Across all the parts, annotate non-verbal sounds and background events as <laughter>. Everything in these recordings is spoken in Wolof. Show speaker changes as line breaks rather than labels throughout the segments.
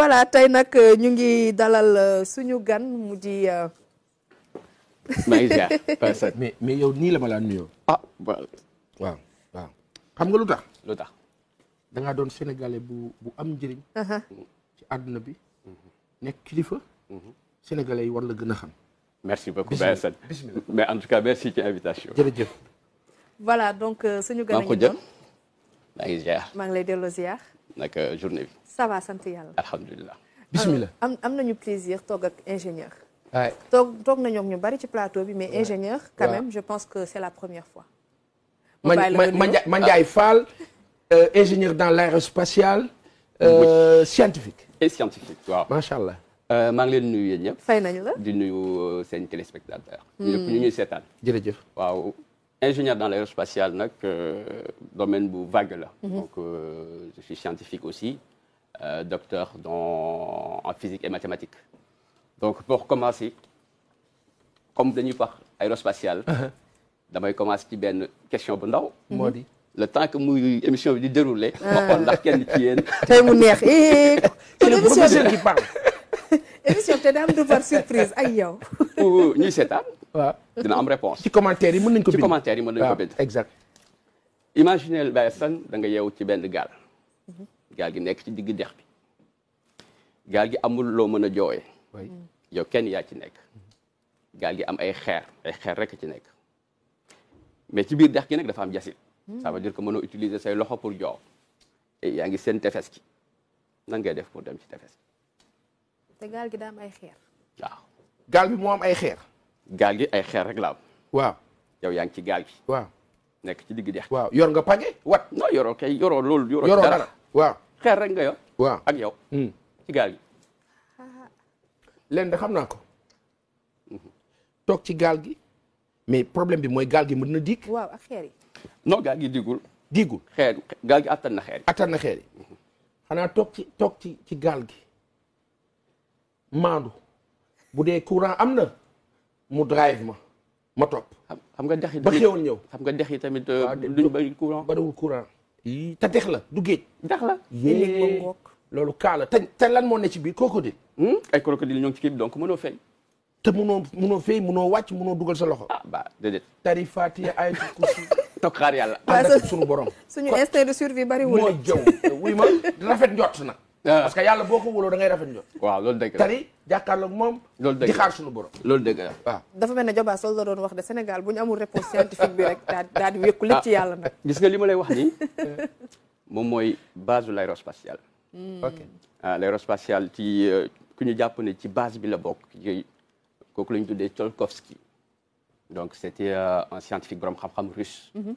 voilà tey nag euh, ñu ngi dalal euh, suñu gan mu di. Euh,
<laughs> mais yow nii la ma laa nuyoo. Ah, waaw xam nga lu tax. lu tax da doon sénégalais bu bu am njëriñ. Uh-huh. ci àdduna bi. nekk kilifa. sénégalais yi war la gën a xam.
merci beaucoup Baye Assane mais en tout cas merci ci invitation. jërëjëf.
voilà donc suñu. gan a ngi doon maa ngi lay delloo ziar.
nag journée
ça va sant ah, plaisir ingénieur. mais ingénieur. quand même je pense que c'est la première fois.
Euh, ingénieur dans l'aérospatiale. Euh,
scientifique. et scientifique euh, téléspectateur. Hmm. ingénieur dans domaine vague mhm. donc je suis scientifique aussi. Euh, docteur en physique et mathématiques. Donc, pour commencer, comme par aérospatial, je vais <laughs> uh-huh. commencer par une question mm-hmm. le temps que l'émission émission dérouler. Ah. on ndax qui
parle.
<laughs> émission surprise
réponse commentaire exact. imaginez que gaal gi nekk ci digg dex bi gaal gi amul loo mën a jooye yow kenn yaa ci nekk gaal gi am ay xeer ay xeer rek ci nekk mais ci biir dex gi nag dafa am jasit ça veut dire que utiliser say loxo pour joow et yaa ngi seen tefes gi nan ngay def pour dem ci tefes
gi te gaal gi daa ay xeer
waaw gaal bi moo am ay xeer gaal gi ay xeer rek la am yow yaa ngi ci gaal gi waaw nekk ci digg dex waaw yor nga pañe wat non yoroo kay yoroo loolu yoroo dara waaw xeer rek nga yor. waaw ak yow. Hmm. ci gaal gi.
leen xam naa ko. toog ci gaal gi. mais problème bi mooy gaal gi mën na diig. waaw ak xeer yi. non gaal gi diigul. diigul gaal gi attan na xeer yi. na xeer yi. xanaa toog ci toog ci ci gaal gi. maandu. bu dee courant am na. mu drive ma ma topp. xam nga dex yi ba xewoon ñëw. xam nga dex yi tamit euh, duñ bëri courant. bariwul courant. te dex la du géej. dex la loolu kaala la te lan moo ne ci biir crocodile. Hmm? ay crocodile ñoo ngi ci kii donc mënoo feeñ. te mënoo mënoo feeñ mënoo wàcc mënoo dugal sa loxo. ah ba déedéet. tari fatiha ay kursi. <laughs> toog xaar yàlla. ànd ak ah, suñu borom. suñu instinct de survie bari moo jaww wuy ma rafet njott na. Ah. parce que yàlla boo ko wóoloo da rafet njot loolu dëgg la tani jàkkaarloog moom
loolu dëgg di xaar suñu borom loolu dëgg la waaw
dafa mel ne Jobaas la doon wax de Sénégal bu ñu amul réponse scientifique bi rek daa daal di wékku ci ah. yàlla nag
gis nga li ma lay wax ni <laughs> moom mooy base de l'aérospatiale hmm. ok ah, l'aérospatiale ci euh, ku ñu jàpp ne ci base bi la bokk ci kooku la ñu tuddee Tcholkovsky donc c'était euh, un scientifique borom xam-xam russe mhm.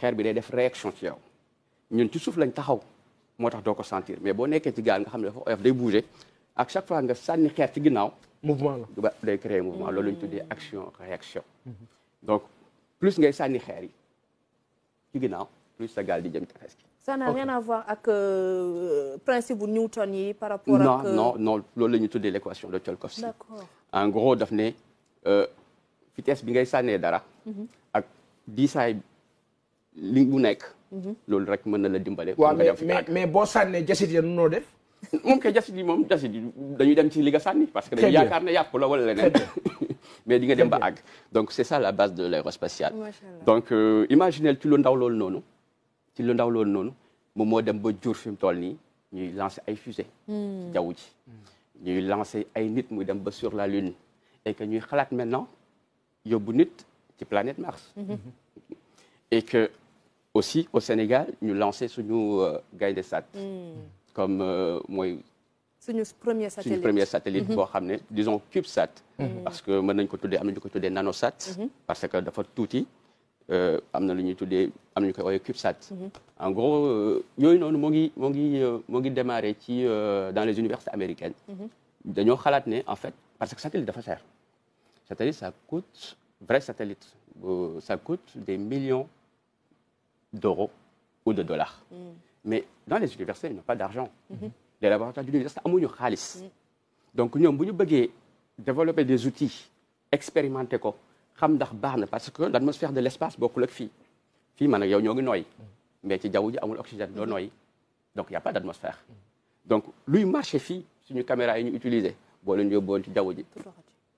xeer bi day def réaction ci yow ñun ci suuf lañ taxaw moo tax doo ko sentir mais boo nekkee ci gaal nga xam ne dafa oyof day bouger ak chaque fois nga sànni xeer ci ginnaaw. mouvement la day créer mouvement loolu la tuddee action réaction. Mhm. donc plus ngay sànni xeer yi ci ginnaaw plus sa gaal di jëm ci tefes gi.
ça n'a rien à voir ak euh, principe bu Newton yi par rapport ak. non euh, non
non loolu la ñu tuddee l'équation de Tcholkovsky. d'accord en gros daf ne euh, vitesse bi ngay sànnee dara. Mhm. ak diisaay li mu nekk. Mhm. rek mën na la dimbale. mais
mais boo sànnee jasit ya noo def.
<laughs> moom ke jasit mom moom dañuy dem ci liga nga parce que dañuy yaakaar ne yàpp la wala leneen. <laughs> mais di nga dem ba ag donc c'est ça la base de l'aérospatiale. donc euh, imaginez tu lu ndaw loolu noonu. ci lu ndaw loolu noonu dem ba jour fim mu toll nii ñuy lancer ay fusées. ci hmm. ñuy lancer ay nit muy dem ba sur la lune. et que ñuy xalat maintenant yobbu nit ci planète Mars. Mhm. et que aussi au Sénégal nous lancé suñu euh, nous Sat hmm. comme euh,
premier satellite Ce premier satellite mhm.
disons CubeSat hmm. mhm. parce que maintenant, avons ko am nanosat mhm. parce que dafa touti, euh, am na nous avons CubeSat en gros nous avons démarré dans les universités américaines Nous avons fait en fait parce que satellite dafa satellite ça coûte vrai satellite ça coûte des millions d'euros ou de dollars. Mm. Mais dans les universités, ils n'ont pas d'argent. Mm -hmm. Les laboratoires d'université, ils n'ont pas Donc, nous avons développer des outils, expérimenter ko xam ndax baax parce que l'atmosphère de l'espace beaucoup ak fii Fi man ak yow ñoo ngi mm. mais ci jaww ji amul oxygène do mm-hmm. noy donc y' a pas d'atmosphère. Mm. donc luy marché fi suñu caméra yi ñu utiliser bo leen yóbboon ci jaww ji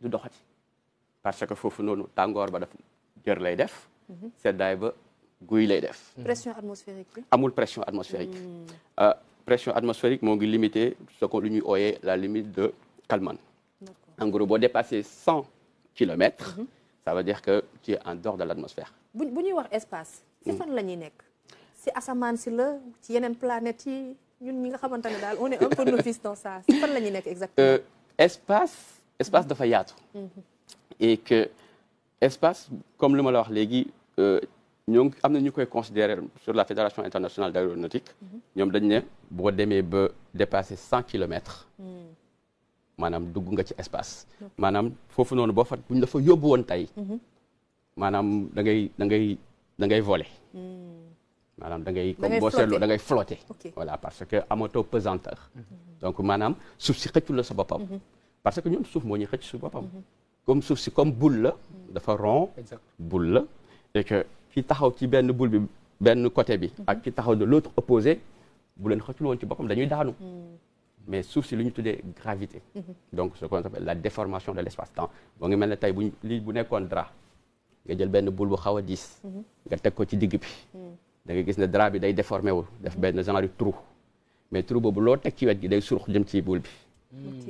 du doxati parce que fofu noonu tangor ba daf jër lay def mm-hmm. seddaay ba guy lay mm-hmm. pression atmosphérique bi. pression atmosphérique. Mm-hmm. Euh, pression atmosphérique moo ngi limité ce qu'on lu ñuy la limite de Kalman. en gros boo dépasser 100 kilomètres. Mm-hmm. ça veut dire que tu es en dehors de l'atmosphère.
Si bu bu wax espace. C'est mm. fan ça ñuy nekk. ci asamaan si la ci yeneen planète, yi ñun ñi nga on est un peu novice dans ça C'est fan la ñuy exactement exactement.
Euh, espace espace dafa yaatu. et que espace comme le ma la dit. Nous, avons considéré sur la fédération internationale d'aéronautique Nous mhm. dañ ne boo demee ba dépasser kilomètres
hmm.
nga ci espace maanaam foofu noonu boo fa buñ la fa voler da flotter voilà parce que pesanteur mhm. donc maanaam suuf sa mhm. parce que ñun suuf comme suuf comme boule la dafa rond boule et que ki taxaw ci benn bul bi benn côté bi. Mhm. ak ki taxaw de l'autre opposé bu leen xëccul woon ci boppam dañuy daanu. Mm. mais suuf si lu ñu tuddee gravité. Mhm. donc ce qu'on appelle la déformation de l'espace-temps moo ngi mel ne tey bu lii bu nekkoon drap nga jël benn boule bu xaw a diis. Mhm. nga teg ko ci digg bi. Mm. da nga gis ne drap bi day déformé wu def mm. benn genre trou mais trou boobu loo teg ci wet gi day surux jëm ci boule bi. Hmm.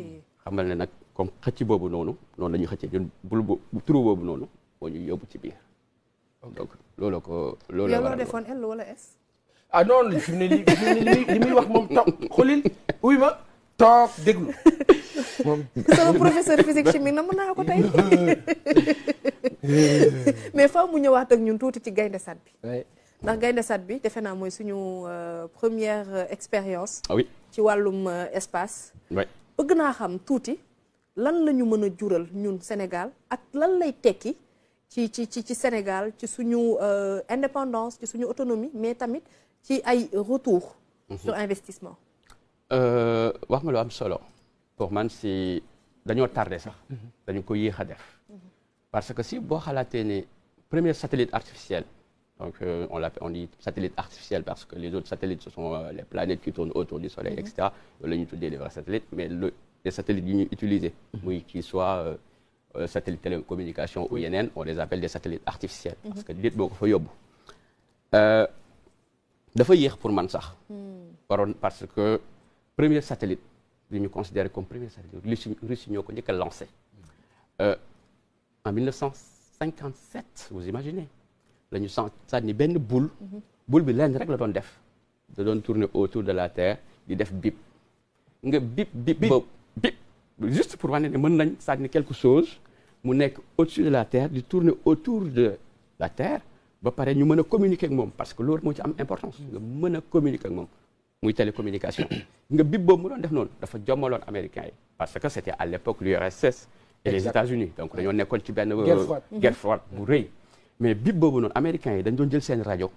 xamal ne nag comme xëcc boobu noonu noonu la ñuy xëccee ñun boule bu trou boobu noonu moo ñuy yóbbu ci biir. donc loolu ko loolu la war a
defoon L wala S.
ah non fi ne li li muy wax moom toog xulil uy toog déglu. moom sama professeur physique chimie
na mën naa ko tey. mais faaw mu ñëwaat ak ñun tuuti ci gaynde sat bi. ndax gaynde sat bi defe naa mooy suñu euh, première euh, expérience. Ah ci wàllum euh, espace. bëgg naa xam tuuti lan la ñu mën a jural ñun Sénégal ak lan lay tekki. ci ci ci ci Sénégal ci suñu euh, indépendance ci suñu autonomie mais tamit ci un retour mhm. sur investissement
Je euh, ma am solo pour moi, C'est d'ailleurs tardé sax mhm. d'ailleurs, ko un mhm. parce que si vous avez ne premier satellite artificiel donc euh, on dit satellite artificiel parce que les autres satellites ce sont les planètes qui tournent autour du soleil etc. -hmm. et cetera un satellite, mais les satellites utilisés, qui soient... Euh, satellite télécommunication ou yeneen on les appelle des satellites artificiels mhm. parce que nit beaucoup ko fa yóbbu euh, dafa yéex pour man sax hmm. parce que premier satellite li nous considère comme premier satellite Russie ñoo ko lancé euh, en 1957 vous imaginez la ñu une boule. benn boule mhm. boule bi lenn rek la doon def da doon tourner autour de la Terre di def bip nga bip bip bip juste pour voir ne mën Ça quelque chose mu nekk au-dessus de la terre di tourner autour de la terre ba paré ñu mën communiquer ak mom parce que loolu mo ci am importance nga mën communiquer ak mom muy télécommunication nga bib bo mu doon def non dafa jomalon américain parce que c'était à l'époque l'URSS et les États-Unis donc on nekkoon ci benn euh, guerre froide bu reuy mais bib bo non américain yi dañ doon jël sen radio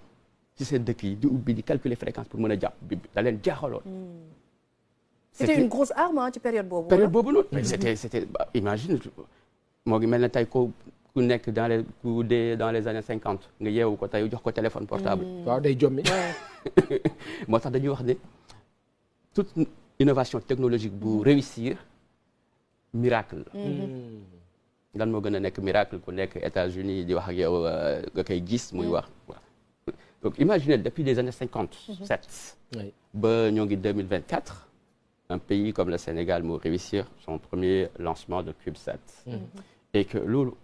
ci sen dëkk yi di ubbi di calculer fréquence pour mën japp jàpp bip da leen jaaxaloon hmm. c'était une
grosse arme hein, ci période Bobo. période hein. boobu Mais hmm. c'était
c'était bah, imagine moo ngi mel ne ku nek dans les ku dans les années 50. nga yew ko tay jox ko téléphone portable. Mm. wa day jommi. <laughs> mo tax dañuy wax né toute innovation technologique pour mm. réussir miracle Je mm-hmm. mm-hmm. lan que gëna un miracle ku nek États-Unis di wax ak yow euh, ga kay gis muy mm. wax. donc imaginez depuis les années 57 en mm-hmm. ba ngi un pays comme le Sénégal a réussir son premier lancement de CubeSat. Mm -hmm et que lolo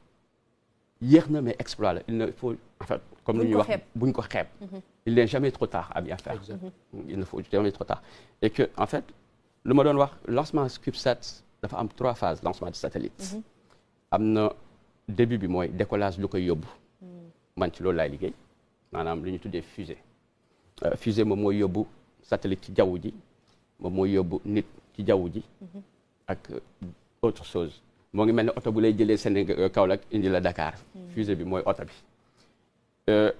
yéex mais exploit il ne faut en fait comme nous wax buñ ko xép mhm. il n'est jamais trop tard à bien faire mhm. il ne faut jamais trop tard et que en fait le ma doon wax lancement CubeSat dafa am trois phases lancement de satellite mhm. amna début bi moy décollage lu koy yóbbu mm. man ci loolu lay liggéey manam liñu ñu tuddee fusée euh, fusée mo moy yóbbu satellite ci jawu ji mo moy yóbbu nit ci jawu ji ak euh, autre chose moo ngi auto ne oto bu lay jëlee Sénégal euh, Kaolack indi la Dakar. Hmm. fusée bi mooy oto bi. Euh,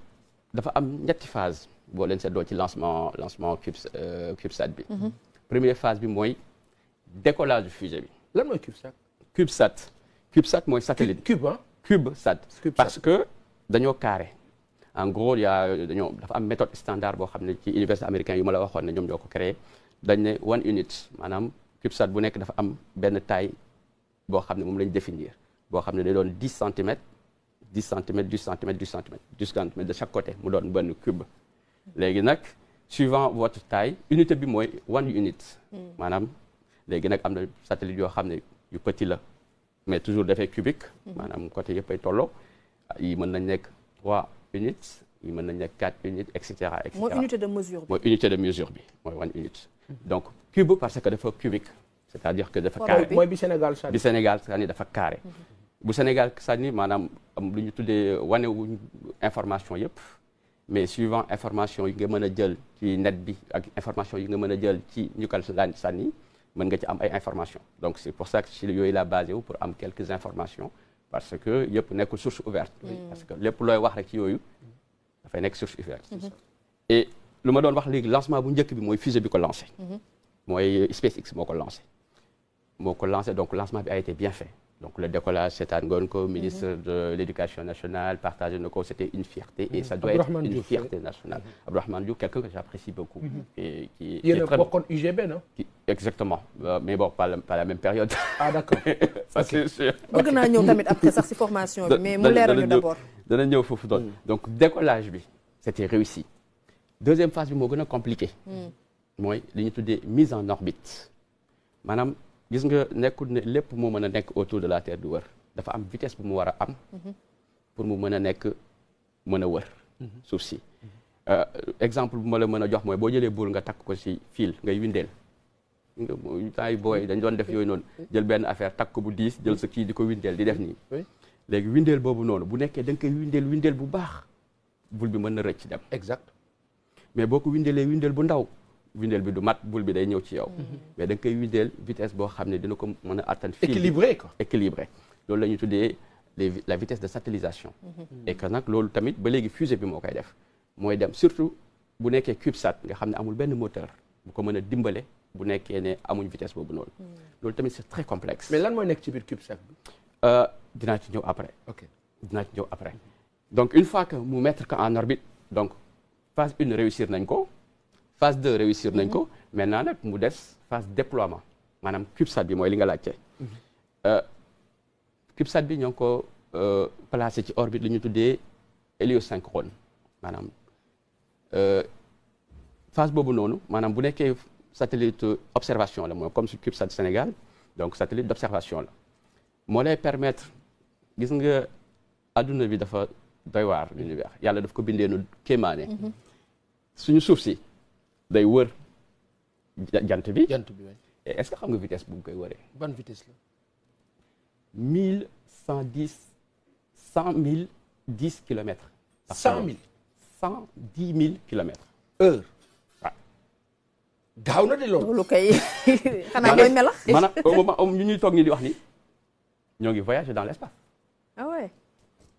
dafa am ñetti phase boo leen seetloo ci lancement lancement CubeSat euh, bi. Hmm. première phase bi mooy décollage fusée bi. lan mooy CubeSat. CubeSat CubeSat moi satellite. cube ah CubeSat. parce que d'ailleurs carré. en gros il y' a d'ailleurs dafa am méthode standard pour xam ne ci université américain yu ma la waxoon ne ñoom ñoo créé dañ ne one unit madame CubeSat bu nekk dafa am benn taille boo xam ne moom définir boo xam ne day doon 10 centimètres 10 centimètres 10 centimètres 10 centimètres 10 centimètres de chaque côté mu doon benn cube léegi nag suivant votre taille unité bi mooy one unit hmm. maanaam léegi nag am na satellite yoo xam ne yu petit la mais toujours d'effet cubique hmm. maanaam côté yëpp ay tolloo yi mën nañ nekk 3 units yi mën nañ nekk 4 units et cetera et cetera mooy unité de mesure bi mooy unité de mesure bi mooy one unit hmm. donc cube parce que dafa cubique c'est-à-dire que dafa carré moy bi
Sénégal sànni bi
Sénégal sànni dafa carré. Mhm. bu Sénégal sànni manam am luñu tuddee wané wuñ information yépp mais suivant information yi nga mën jël ci net bi ak information yi nga mën jël ci ñu ko sànni mën nga ci am ay information donc c'est pour ça que ci yooyu la basé pour am quelques informations parce que yépp nekk source ouverte. parce que lepp loy wax rek ci da fay nekk source ouverte. et luma ma doon wax léegi lancement bu njëkk bi moy fusée bi ko lancé. moy mhm. SpaceX moo ko le lancement a été bien fait donc le décollage c'est à ministre mhm. de l'éducation nationale partage de nos cours, c'était une fierté et mhm. ça doit être une fierté nationale Abraham Diouf quelqu'un que j'apprécie beaucoup mhm. et qui le le contre UGB non exactement euh, mais bon pas la même période ah d'accord <laughs> ça c'est sûr bëgg naa après ça
formation mais mu leeral d'abord
Donc, ñëw mm. donc décollage c'était réussi deuxième phase bi compliqué
mm.
mooy li mise en orbite Madame. gis nga nekkul ne lépp moo mën a nekk autour de la terre du wër dafa am vitesse bu mu war a am pour mu mën a nekk mën a wër suuf si euh, exemple bu ma la mën a jox mooy boo jëlee buur nga takk ko si fil ngay windeel temps yi booy dañ doon def yooyu noonu jël benn affaire takk ko bu diis jël sa kii di ko windeel di def nii léegi windeel boobu noonu bu nekkee da nga koy windeel windeel bu baax bul bi mën na rëcc dem exact mais boo ko windeelee windeel bu ndaw windeel bi du mat bul bi day ñew ci yow. Mhm. mais da nga koy windeel vitesse bo xamné dina ko mëna a atteindre. équilibré quoi équilibré loolu la ñuy tuddee la vitesse de satellisation. Mhm. et que nak loolu tamit ba légui fusée bi mo koy def moy dem surtout bu nekkee CubeSat nga xamné amul ben moteur bu ko mëna a bu nekkee né amuñ vitesse boobu noonu. Mhm. loolu tamit c'est très complexe. mais lan moy nekk ci bir CubeSat bi. Euh, dina ci ñew après. ok dina ci ñew après donc une fois que mu mettre ko en orbite donc phase une réussir nañ ko phase 2 réussir nañ ko maintenant nak mu dess phase déploiement maanaam CubeSat bi moy li nga laajte. Mhm. Euh, CubeSat bi ñoo ngi ko euh, placé ci orbite liñu ñu héliosynchrone manam euh phase bobu nonu manam bu nekkee satellite observation la moy comme sur CubeSat Sénégal donc satellite d'observation la mo lay permettre gis nga aduna bi dafa doy waar l'univers yalla daf ko bindee nu kéemaane. Mhm. suñu suuf si day wër jant bi jant bi oui. Eh, est ce que xam nga vitesse bu koy wëree Bonne vitesse la 1110 110 10 km. 100 000 110 000 kilomètres heure ah. gaaw na di
loolu C'est kay <laughs> xanaa mooy melax maanaam au moment
où ñuy toog ñu di wax ni ñoo voyager dans l'espace.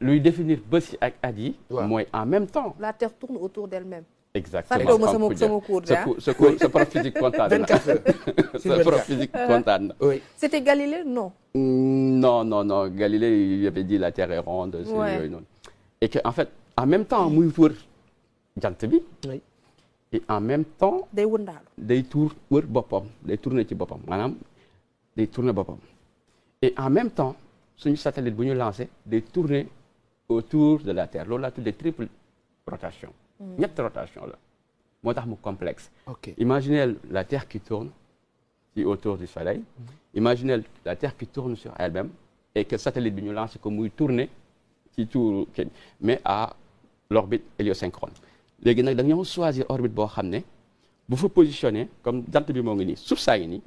Lui définir bés et Adi, moi, en même temps.
la terre tourne autour d'elle-même.
exactement physique <laughs> euh,
c'était Galilée non.
Mm, non non non Galilée il avait dit la terre est ronde. et que en fait en même temps et en même temps. tour Il tourne tourner ci y a et en même temps ce satellite bu a lancé il tourner autour de la Terre Là, il y triple rotation. Mm. ñetti rotation là. moo c'est complexe. imaginez la Terre qui tourne autour du Soleil. Mm-hmm. imaginez la Terre qui tourne sur elle-même et que le satellite bi ñu comme ko tournait, tourner ci mais à l'orbite héliosynchrone Les gens, da ont choisi choisir orbite boo xam vous bu comme dans le monde ngi nii suuf mm-hmm.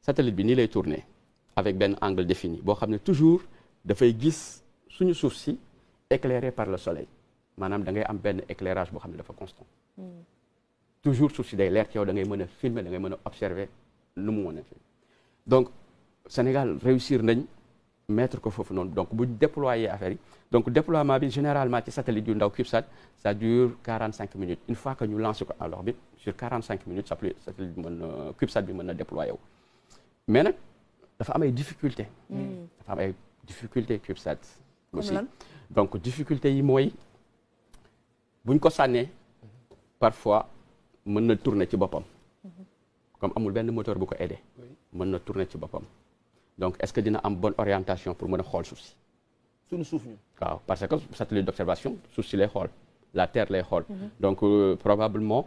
satellite bi avec un angle défini boo xam toujours toujours faire gis sous une souci éclairé par le soleil Manam, da ngay am éclairage constant hmm. toujours sous des l'air, leer filmer da ngay observer lu mu mën fait. donc Sénégal réussir à mettre ko foofu donc bu déployer affaire Donc, donc déploiement bi généralement ci satellite du ndaw CubeSat ça dure 45 minutes une fois que nous lançons en orbite, sur 45 minutes le satellite bi mën CubeSat bi déployé. a déployer y mais des difficultés. Il y difficulté le difficultés difficulté CubeSat donc difficulté yi moy buñ ko sané parfois mën na tourner ci bopam. comme amul benn moteur bu ko aidé mën na tourner ci bopam. donc est-ce que dina am bonne orientation pour mën xol souci? Souci ñu parce que satellite d'observation souci si lay la terre les xol. Mhm. donc euh, probablement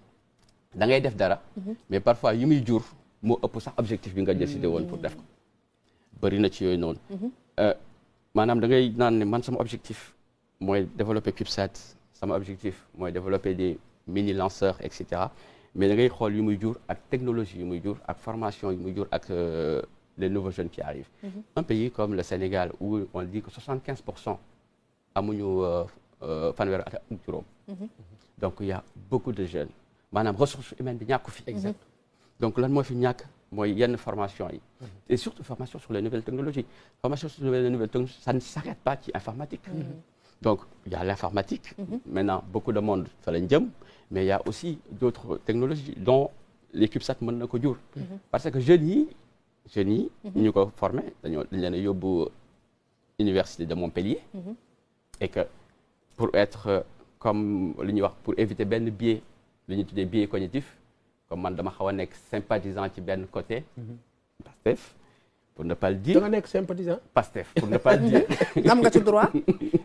da ngay def dara. Mhm. mais parfois yi muy jur moo ëpp sax objectif bi nga décidé woon pour def ko. bëri na ci yooyu noonu. Mhm. Mhm. Euh, maanaam da ngay naan ne man sama objectif mooy développer CubeSat sama objectif mooy développer des mini lanceurs et cetera mais da ngay xool yu muy jur ak technologie yu muy jur ak formation yu muy jur ak euh, les nouveaux jeunes qui arrivent. un pays comme le Sénégal où on dit que 75 pour cent amuñu euh, fanweer ak juróom. donc il y a beaucoup de jeunes manam ressources humaines bi ñàkku fi exemple mhm. donc lan mo fi y moy yenn formation yi mhm. et surtout formation sur les nouvelles technologies formation sur les nouvelles technologies ça ne s'arrête pas qui informatique mhm. donc il y a l'informatique maintenant beaucoup de monde fa lañ mais il y a aussi d'autres technologies dont l'équipe mën parce que je yi je yi ñu ko formé dañu dañ leen a université de Montpellier et que pour être euh, comme li wax pour éviter de biais li ñuy tuddee biais cognitif comme man dama xaw a nekk sympathisant ci benn côté. Mhm. Pastef pour ne pas le dire. da nga nekk sympathisant. Pastef pour ne pas le dire. <laughs> am nga ci droit.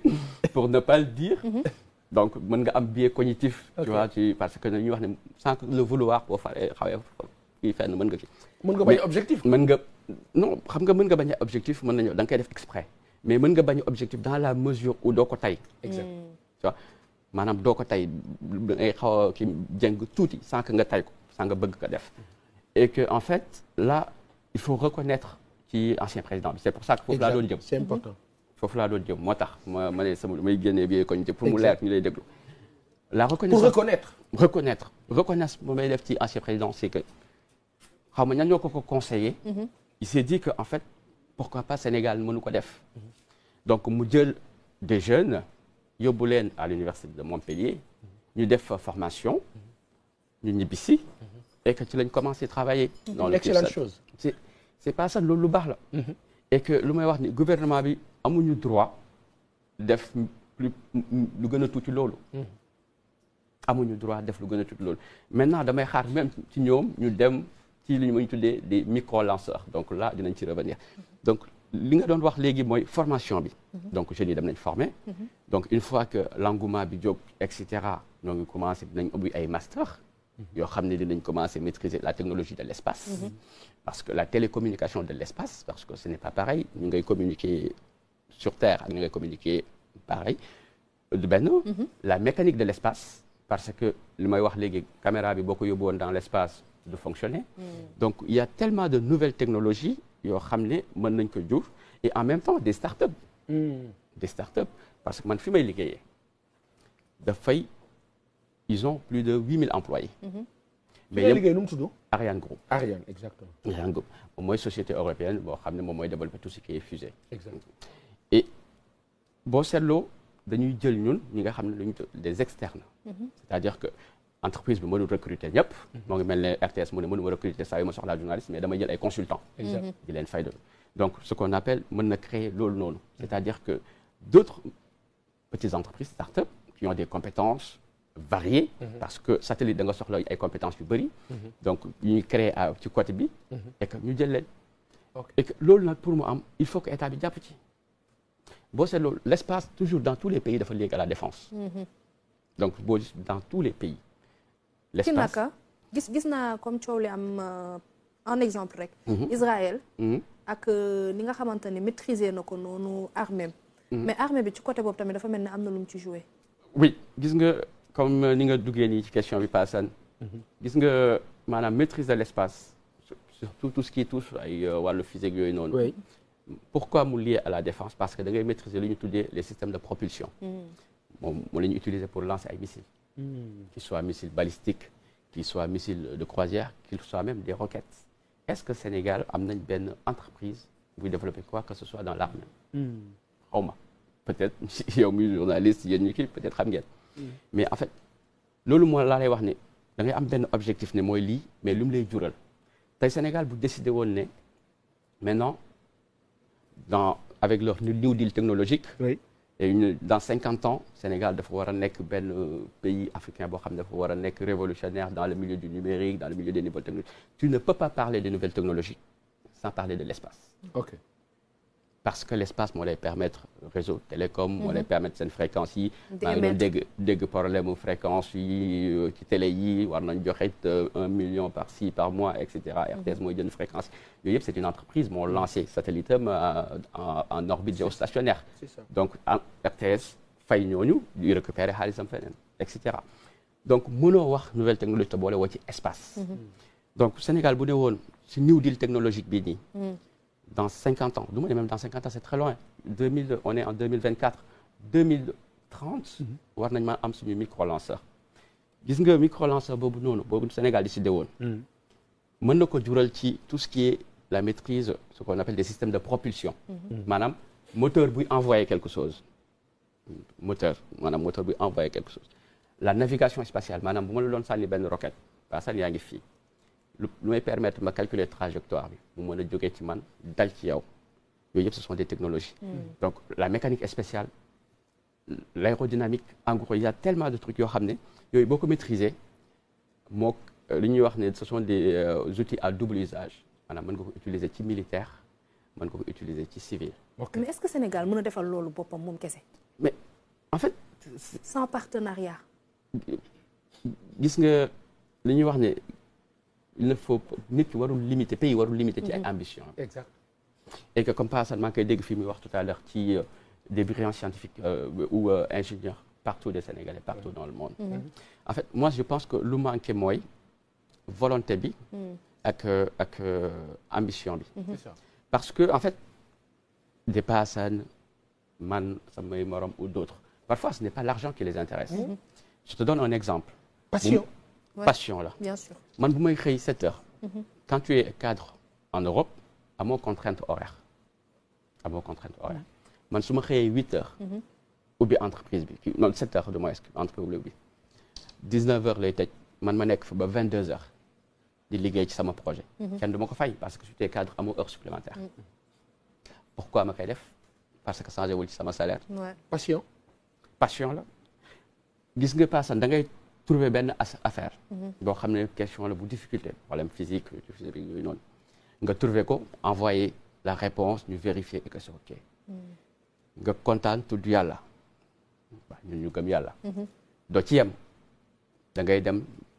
<laughs> pour ne pas le dire. Mhm. donc mën nga am biais cognitif. tu vois ci parce que ñu wax ne sans le vouloir boo fa xawee fii fenn mën nga ci. mën nga bañ objectif. mën nga non xam nga mën nga bañ objectif mën nañu da nga koy def exprès mais mën nga bañ objectif dans la mesure où doo ko tay. exact tu vois Manam doo ko tey ay xaw a ki jëng tuuti sans que nga tay ko sans nga bëgg ko def et que en fait là il faut reconnaître ci ancien président c'est pour ça que foofu laa doon jëm c'est important mhm. foofu la doon jëm motax ma ma ne sama may génnee bi pour mu leer ñu lay déglu la reconnaissance pour reconnaître reconnaître reconnaître mon may def ci ancien président c'est que xaw ma ñan ko ko mhm. il s'est dit que en fait pourquoi pas Sénégal mënu ko def mhm. donc mu jël des jeunes yóbbu leen à l'université de Montpellier ñu def formation ñu ñibbisi et que ci lañ commencé travailler dans le excellente chose c'est c'est pas ça le lu baax la mhm. et que le wax ni gouvernement bi amuñu droit def plus lu gën a tuuti A mhm. amuñu droit def lu gën tout tuuti loolu maintenant damay xaar même ci ñoom ñu dem ci li ñu des micro lanceurs donc là dinañ ci revenir donc li nga doon wax léegi mooy formation mhm. donc je yi dem nañ former. Mhm. donc une fois que l'engouement bi jóg et cetera ñoo ngi commencé dinañ ubbi ay master. Mhm. yoo xam ne dinañ maîtriser la technologie de l'espace. parce que la télécommunication de l'espace parce que ce n'est pas pareil ñu ngay communiquer sur terre on ñu ngay communiquer pareil. ben non la mécanique de l'espace parce que li may wax léegi caméra bi boo ko plus dans l'espace de fonctionner. Mm. donc il y a tellement de nouvelles technologies yoo ont ne mën nañ ko et en même temps des start-up. Hmm. des start-up parce que man fi may de dafay ils ont plus de huit mille employés. Mhm. mais yéen liggéey nu mu tudd. Ariane Group. Ariane exactement. Ariane Group au mooy société européenne boo xam ne moom mooy tout ce qui est fusée. exactement et bon c'est dañuy jël ñun ñi nga xam ne des externes. Mhm. c'est-à-dire que entreprise bi de recruter ñep mo mm-hmm. ngi melni RTS mo ne mënuma recruter ça yu ma soxlaa journaliste mais dama jël ay consultants mm-hmm. di leen fay donc ce qu'on appelle mën créer loolu mm-hmm. c'est-à-dire que d'autres petites entreprises start-up qui ont des compétences variées parce que satellite da nga soxla ay compétences yu bari donc ils créer à ci côté bi et que ñu jël et que pour moi, am il faut que état bi japp ci l'espace toujours dans tous les pays dafa lié à la défense donc dans tous les pays l'espace. naka
gis gis comme coow am euh, en exemple rek mhm. Mhm. Israël ak euh, ni nga xamante maîtriser na nonu armée mhm. mais armée bi ci côté bob tamit dafa melni amna am lu ci jouer
oui gis nga comme euh, ni nga duggee ni ci question bi paasan gis nga manam maîtrise de l'espace surtout tout ce qui touche ay wàllu physique non. Oui. pourquoi mou lié à la défense parce que da ngay maîtriser lu ñu les systèmes de propulsion moom moo la utiliser pour lancer ay missiles Hmm. soit qu'ils soient missiles balistiques, qu'ils soient missile de croisière, qu'ils soient même des roquettes. Est-ce que le Sénégal a une entreprise pour développer quoi que ce soit dans l'armée hmm. xaw peut-être a <laughs> un journaliste il y a une équipe, peut-être un hmm. mais en fait ce que je lay wax c'est da y am un objectif n'est mooy lii mais que je lay le Le Sénégal bu décidé maintenant dans avec leur New Deal technologique. Et dans 50 ans Sénégal devra être un un pays africain devra être un révolutionnaire dans le milieu du numérique dans le milieu des nouvelles technologies tu ne peux pas parler des nouvelles technologies sans parler de l'espace ok parce que l'espace m'a permettre permettre réseau télécom. moo les mhm. permettre une fréquence des maa les fréquence qui euh, télé euh, un million par ci par mois etc. RTS donné une fréquence c'est une entreprise a lancé satellite euh, en orbite géostationnaire. donc ah, RTS il ñooñu récupérer Donc, nous, et cetera donc nouvelle technologie te boole woo espace. Mhm. donc Sénégal c'est une nouvelle technologie. new deal technologique dans 50 ans, et même dans 50 ans, c'est très loin. 2000, on est en 2024. 2030, mhm. war nañ mën am micro-lanceur. gis nga microlanceur boobu noonu boobu Sénégal décidé woon. Mhm. mën na ko jural ci tout ce qui est la maîtrise ce qu'on appelle des systèmes de propulsion. Mhm. maanaam moteur buy envoyer quelque chose. moteur madame, moteur buy envoyer quelque chose. la navigation spatiale maanaam bu ma une doon sànni roquette ba sànni yaa ngi nous permettre de calculer trajectoire pour mu mën man ce sont des technologies. Mm. donc la mécanique spéciale l'aérodynamique en gros il y a tellement de trucs qui ont ne il beaucoup maîtriser euh, ce sont des euh, outils à double usage On mën ko utiliser ci militaire les nga ko utiliser mais
est-ce que le Sénégal peut a defal loolu boppam moom mais en fait. sans partenariat.
gis nga li il ne faut pas ki warul limiter pays limiter mhm. ambition exact et que comme ça maa ngi des fi tout à l'heure ci euh, des brillants scientifiques euh, ou euh, ingénieurs partout des Sénégalais partout mhm. dans le monde mhm. en fait moi je pense que lu manqué mooy volonté bi ak ak ambition parce que en fait des personnes, man ou d'autres parfois ce n'est pas l'argent qui les intéresse je te donne un exemple passion passion là. sûr man bu may xëy 7 heures mhm. quand tu es cadre en Europe une contrainte horaire une contrainte horaire man je ma xëyee 8 heures mhm. bien entreprise bi non 7 heures de moins entreprise bi 19 heures je tëj man ma ba 22 heures di liggéey ci sama projet Je mhm. du ma fay parce que tu es cadre à une heure supplémentaire pourquoi ma koy def parce que changé wul ci sama salaire passion passion là. gis nga paasan da trouver une affaire. Mhm. boo question difficulté problème physique physique nga envoyer la réponse nous vérifier que c'est ok. Mhm. nga content mhm. tout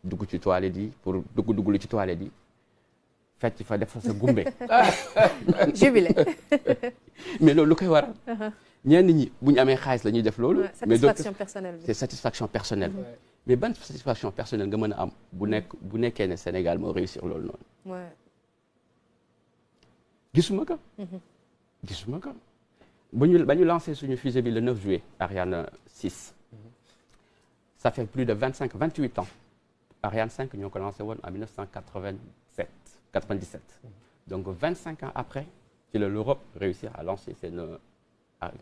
pour le de ci toilettes, <laughs> jubilé. <laughs> mais koy waral. Uh-huh. ñi des satisfaction personnelle c'est satisfaction personnelle mais bonne satisfaction personnelle que mën a am bu je bu nekkee Sénégal moo réussir loolu noonu. gisuma ko. Mhm. gisuma ko ba ñu lancé suñu fusée le 9 juillet Ariane 6. ça fait plus de 25 28 ans Ariane 5 nous avons lancé en 1987 97. donc 25 ans après si l'Europe réussit à lancer ses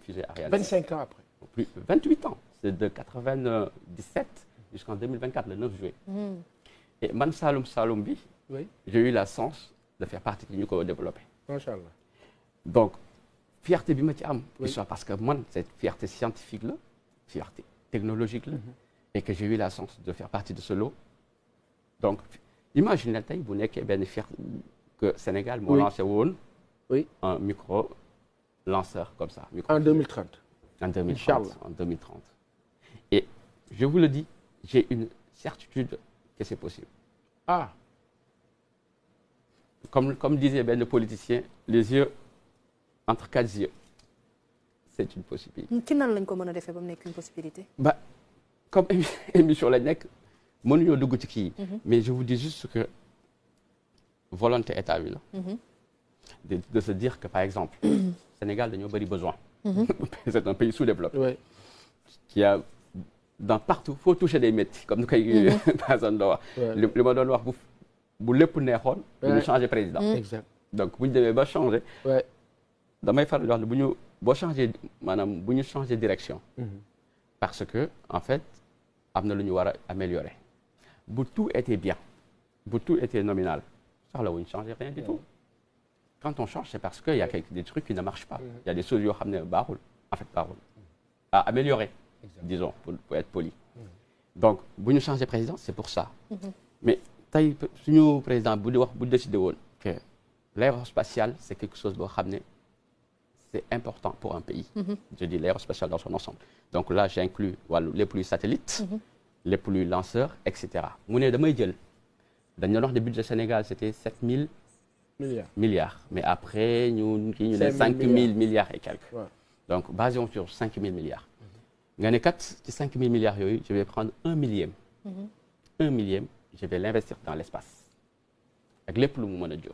fusée Ariane. 25 ans après. plus 28 ans c'est de 97 jusqu'en 2024, le 9 juillet. Mm. Et Man j'ai eu la chance de faire partie de Nuko développé. Donc, fierté bi ma ci parce que moi cette fierté scientifique là, fierté technologique mm-hmm. et que j'ai eu la chance de faire partie de ce lot. Donc, imaginez taille, vous n'êtes ben fierté que Sénégal m'a lancé un micro lanceur comme ça. en 2030. En 2030. En 2030. Et je vous le dis, j'ai une certitude que c'est possible. Ah Comme, comme disait ben le politicien, les yeux entre quatre yeux, c'est une possibilité.
Comment comme ce une possibilité
bah, Comme sur <laughs> la pas mon union de mais je vous dis juste que volonté est à une. Mhm. De, se dire que, par exemple, le <clears throat> Sénégal, nous avons besoin. Mhm. <laughs> c'est un pays sous-développé. Qui a dans partout faut toucher des métiers, comme nous koy mhm. <laughs> dans le wax li Le monde wax vous bu pouvez changer président mhm. donc vous ne devez ba changer. Dans faral di wax ne bu pas changer vous changer direction mhm. parce que en fait vous na amélioré. améliorer tout était bien bu tout était nominal vous ne changez rien du tout quand on change c'est parce qu'il y a des trucs qui ne marchent pas il y a des choses qui xam ne en à améliorer disons, pour, être poli. Mm. donc vous nous de président c'est pour ça. Mm-hmm. mais si suñu président bu di wax bu que l'aérospatiale c'est quelque chose de ramener c'est important pour un pays. Mm-hmm. je dis l'aérospatiale dans son ensemble. donc là j'inclus les plus satellites. Mm-hmm. les plus lanceurs etc. mon est de damay jël budget du wax Sénégal c'était 7000. milliards milliards mais après nous avons ñu 5 5000 milliards et quelques. donc basé sur 5 000 milliards gagner 4 000 milliards, je vais prendre un millième. Mm-hmm. Un millième, je vais l'investir dans l'espace. Avec les plus mon dur.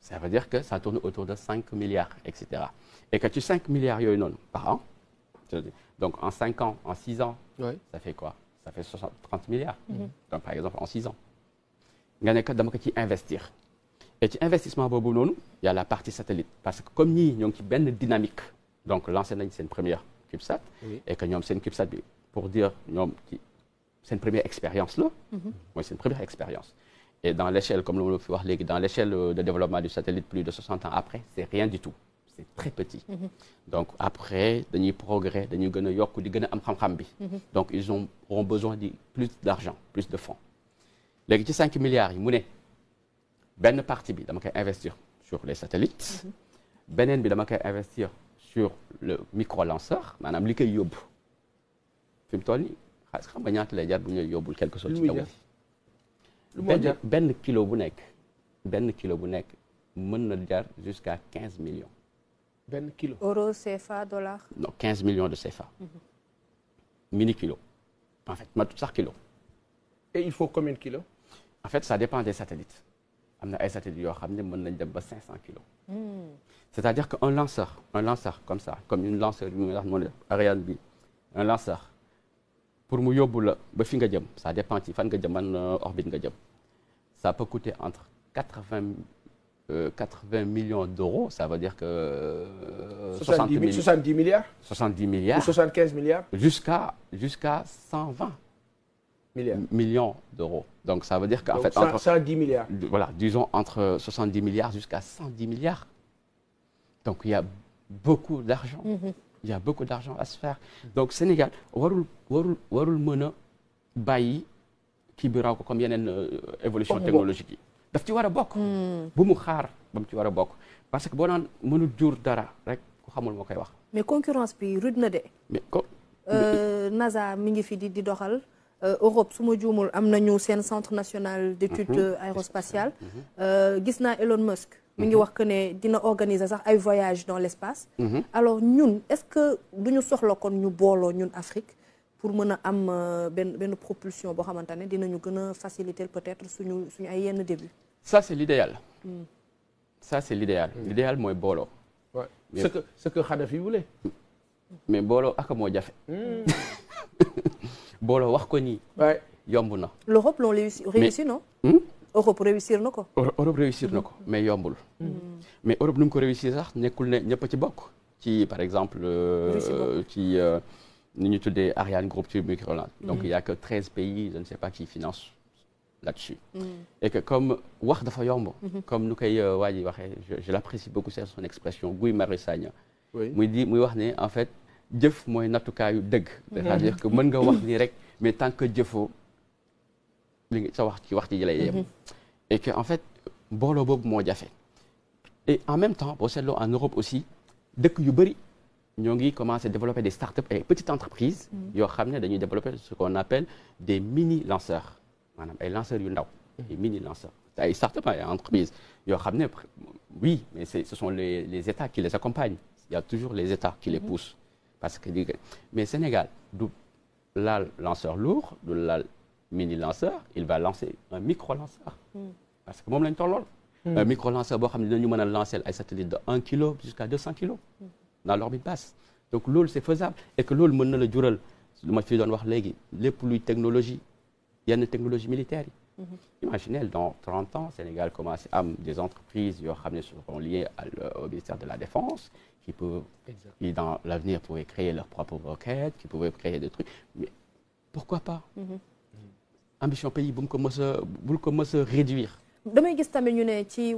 Ça veut dire que ça tourne autour de 5 milliards, etc. Et quand tu 5 milliards par an, donc en 5 ans, en 6 ans, ça fait quoi Ça fait 30 milliards. Mm-hmm. Donc par exemple, en 6 ans. gagner 4 qui investir. Et tu investissement il y a la partie satellite. Parce que comme nous, nous avons une dynamique. Donc l'ancienne, c'est une première et que nous seen CubeSat pour dire c'est ci première expérience c'est mhm. une première expérience. et dans l'échelle comme nous dans l'échelle euh, de développement du satellite plus de 60 ans après c'est rien du tout c'est très petit. Mhm. donc après dañuy progrès dañuy gën a ou di mhm. donc ils ont auront besoin de plus d'argent plus de fonds. Les 5 milliards yi mu partie bi investir sur les satellites. Ben bi dama les investir sur le micro-lanceur madame quelque chose de bien? kilo kilo jusqu'à 15 millions
kilo
euro CFA
dollars
non 15 millions de CFA mhm. mini kilo en fait tout ça kilo et il faut combien de kilos en fait ça dépend des satellites 500 kilos. Hmm. c'est-à-dire qu'un lanceur un lanceur comme ça comme une lanceur un lanceur pour mu ça dépend si fan euh, ça peut coûter entre 80 80 euh, millions d'euros ça veut dire que. 70 euh, milliards 70 milliards. ou 75 milliards. jusqu'à jusqu'à 120 millions d'euros. Donc ça veut dire qu'en fait... entre, 110 milliards. Voilà, disons entre 70 milliards jusqu'à 110 milliards. Donc il y a beaucoup d'argent. Mm-hmm. Il y a beaucoup d'argent à se faire. Donc Sénégal, warul warul mëna bayyi qui biraw ko comme euh, évolution technologique yi. daf ci war a bokk. Mm. bu mu xaar ba ci bokk. parce que si naan mënul jur dara rek ko xamul moo wax.
mais concurrence bi rude na de. mais Euh, NASA mi ngi fi di euh, Europe su ma juumul am seen centre national d' études mhm. aérospatiale mhm. euh, gis naa Elon Musk mi ngi mhm. wax que ne dina organiser sax ay voyage dans l'espace. alors ñun est ce que du ñu soxla kon ñu booloo ñun Afrique pour mën a am euh, benn propulsion boo xamante ne dinañu gën faciliter peut être suñu suñu ay yenn début
ça c'est l'idéal. Hmm. ça c'est l'idéal. Hmm. L'idéal idéal l' idéal ce que ce que voulait mais booloo aka moo jafe hmm. <laughs> bolo wax ko ni yomb na.
l'Europe l'on réussi non. Hmm? Europe réussir na
Europe réussir mais mais yombul. Hmm. mais Europe num ko réussir sax nekul ne de ci bokk. ci par exemple. Euh, ci euh, ni ñu Ariane Group ci Microland. donc hmm. il y a que 13 pays je ne sais pas qui finance là-dessus. et que comme wax dafa yomb. comme nous kay euh, waxe je l'apprécie beaucoup c'est son expression Guy marissagne. Sagna. muy di muy wax né en fait jëf mooy nattukaayu dëgg c'est-à-dire que mën nga wax ni rek mais tant que jëfoo li nga sa wax ci wax ci mm-hmm. et que en fait mbooloo boobu moo fait. et en même temps boo seetloo en Europe aussi dëkk yu bëri ñoo ngi commencé développer des startups et petites entreprises mm-hmm. yoo xam ne dañuy développer ce qu'on appelle des mini lanceurs Les ay lanceurs yu ndaw des mini lanceurs ay startups hein, ay entreprises yoo xam oui mais ce sont les états qui les accompagnent il y a toujours les états qui les mm-hmm. poussent parce que mais Sénégal le lanceur lourd de mini lanceur il va lancer un micro lanceur. Hmm. parce que moi, lañ hmm. un micro lanceur boo xam lancer un satellite de 1 kg jusqu'à 200 kg hmm. dans l'orbite basse donc c'est faisable et que le mën le le jural lu ma fi les wax technologies, il y a une technologie militaire Mm-hmm. Imaginez, dans 30 ans, Sénégal commence à des entreprises qui seront liées au ministère de la Défense, qui, peuvent, dans l'avenir pourraient créer leurs propres roquettes, qui pourraient créer des trucs. Mais pourquoi pas mm-hmm. Mm-hmm. Ambition pays, vous commencez à réduire.
damay gis tamit ñu ne ci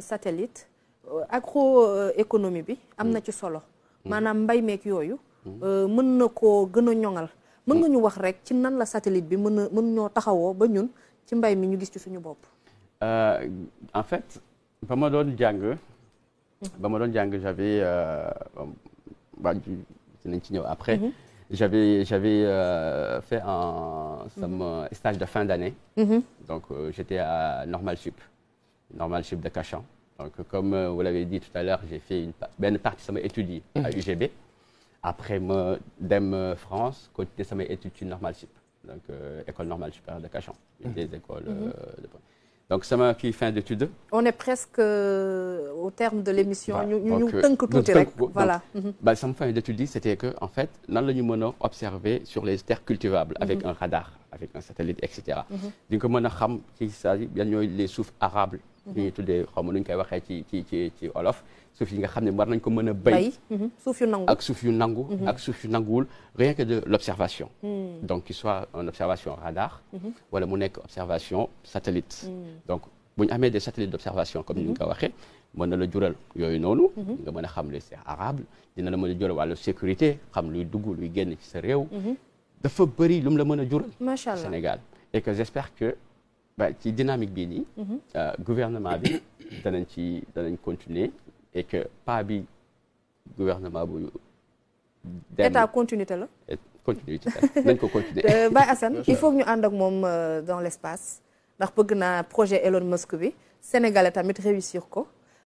satellite euh, agroéconomie euh, bi am na mm. ci solo mm. maanaam mbay meek yooyu mm. euh, mën na koo gën a nga ñu wax rek ci nan la satellite bi
euh, en fait ba ma doon jàng. j'avais euh, ba ci après. Mhm. j'avais j'avais euh, fait un mhm. stage de fin d'année mhm. donc j'étais à Normal Sup Normal Sup de Cachan donc comme vous l'avez dit tout à l'heure j'ai fait une bonne partie de mes études à UGB après me dem France côté mes études études, Normal Sup donc euh, école normale supérieure de Cachan, mhm. des écoles euh, mhm. donc ça fait fin d'étude
on est presque euh, au terme de l'émission bah, nous mhm.
bah, fin c'était que en fait nan la observé sur les terres cultivables avec un radar avec un satellite etc. Donc, di il s'agit bien les souffles arables li mhm. ñuy tuddee ñu ma nuñ koy waxee ci ci ci ci olof suuf yi nga xamné ne war nañ ko mëna bay
béy mhm. suuf yu nangu ak
suuf yu nangu mhm. ak suuf yu nanguwul rien que de l'observation hmm. donc qu'il soit une observation radar wala mu nekk observation satellite hmm. donc buñ amé des satellites d'observation comme ñu nga ko waxee mën la jural yooyu noonu nga mëna a xam les terres arables dina la mëna a jural wàllu sécurité xam luy dugg luy génn ci sa réew dafa bëri lu mëna jural Sénégal et que j'espère que ba ci dynamique bii mhm. euh, gouvernement bi <coughs> danañ ci danañ continuer et que pas bi gouvernement bu. état continuité la. continuité la nañ ko continuer. Euh,
Baye Assane <laughs> il faut ñu ànd ak euh, dans l'espace espace ndax projet Elon Musk bi sénégalais tamit réussir ko.